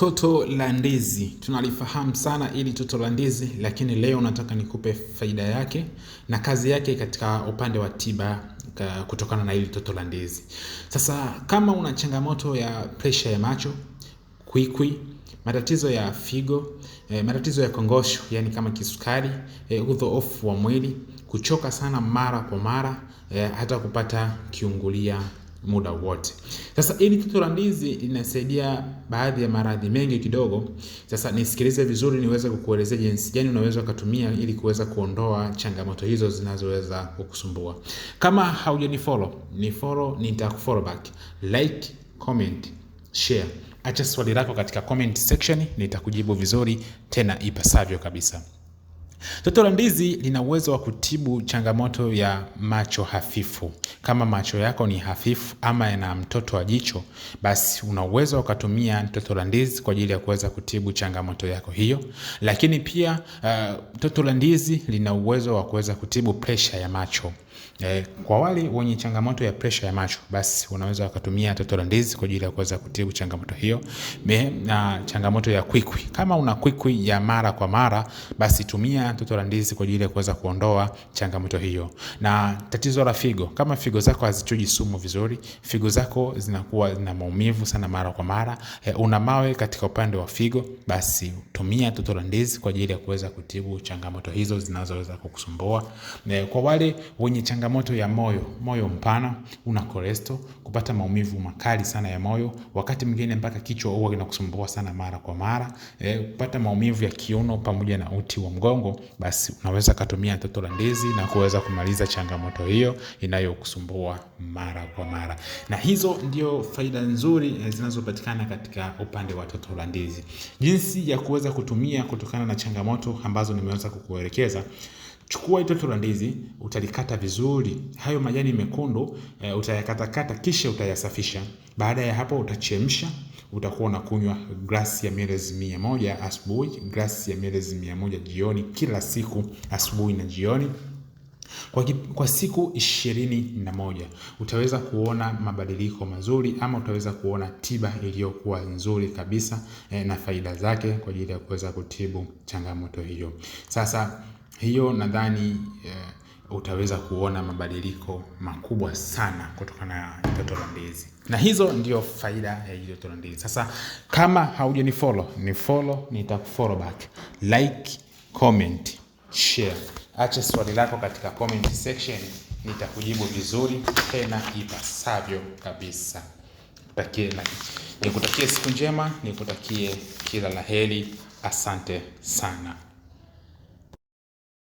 Toto la ndizi tunalifahamu sana ili toto la ndizi, lakini leo nataka nikupe faida yake na kazi yake katika upande wa tiba kutokana na ili toto la ndizi. Sasa kama una changamoto ya presha ya macho, kwikwi, matatizo ya figo, eh, matatizo ya kongosho, yani kama kisukari, eh, udhoofu wa mwili, kuchoka sana mara kwa mara, eh, hata kupata kiungulia muda wote. Sasa ili tuto la ndizi linasaidia baadhi ya maradhi mengi kidogo. Sasa nisikilize vizuri, niweze kukuelezea jinsi gani unaweza ukatumia ili kuweza kuondoa changamoto hizo zinazoweza kukusumbua. Kama haujanifollow, ni follow, nitakufollow back. Like, comment, share. Acha swali lako katika comment section, nitakujibu vizuri tena ipasavyo kabisa. Toto la ndizi lina uwezo wa kutibu changamoto ya macho hafifu. Kama macho yako ni hafifu ama yana mtoto wa jicho, basi una uwezo wa kutumia toto la ndizi kwa ajili ya kuweza kutibu changamoto yako hiyo. Lakini pia uh, eh, toto la ndizi lina uwezo wa kuweza kutibu presha ya macho. E, kwa wale wenye changamoto ya presha ya macho basi unaweza wakatumia ndizi kwa ajili ya kuweza kutibu changamoto hiyo. Me, na changamoto ya kwikwi, kama una kwikwi ya mara kwa mara basi tumia la ndizi kwa ajili ya kuweza kuondoa changamoto hiyo. Na tatizo la figo, kama figo zako hazichuji sumu vizuri, figo zako zinakuwa na maumivu sana mara kwa mara, e, una mawe katika upande wa figo, basi tumia la ndizi kwa ajili ya kuweza kutibu changamoto hizo zinazoweza kukusumbua. E, kwa wale wenye changamoto ya moyo, moyo mpana, una kolesto, kupata maumivu makali sana ya moyo, wakati mwingine mpaka kichwa huwa kinakusumbua sana mara kwa mara, eh, kupata maumivu ya kiuno pamoja na uti wa mgongo, basi unaweza katumia toto la ndizi na kuweza kumaliza changamoto hiyo inayokusumbua mara kwa mara. Na hizo ndio faida nzuri eh, zinazopatikana katika upande wa toto la ndizi. Jinsi ya kuweza kutumia kutokana na changamoto ambazo nimeweza kukuelekeza. Chukua itoto la ndizi utalikata vizuri, hayo majani mekundu e, utayakatakata kisha utayasafisha. Baada ya hapo utachemsha, utakuwa unakunywa glasi ya mililita mia moja asubuhi, glasi ya mililita mia moja jioni, kila siku asubuhi na jioni. Kwa, kwa siku ishirini na moja utaweza kuona mabadiliko mazuri ama utaweza kuona tiba iliyokuwa nzuri kabisa e, na faida zake kwa ajili ya kuweza kutibu changamoto hiyo. Sasa hiyo nadhani uh, utaweza kuona mabadiliko makubwa sana kutokana na joto la ndizi, na hizo ndio faida ya joto la ndizi. Sasa kama ni follow, ni follow, nitakufollow back, like, comment, share, acha swali lako katika comment section, nitakujibu vizuri tena ipasavyo kabisa. Nikutakie siku njema, nikutakie kila la heri. Asante sana.